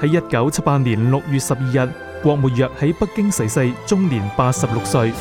喺一九七八年六月十二日，郭沫若喺北京逝世，終年八十六歲。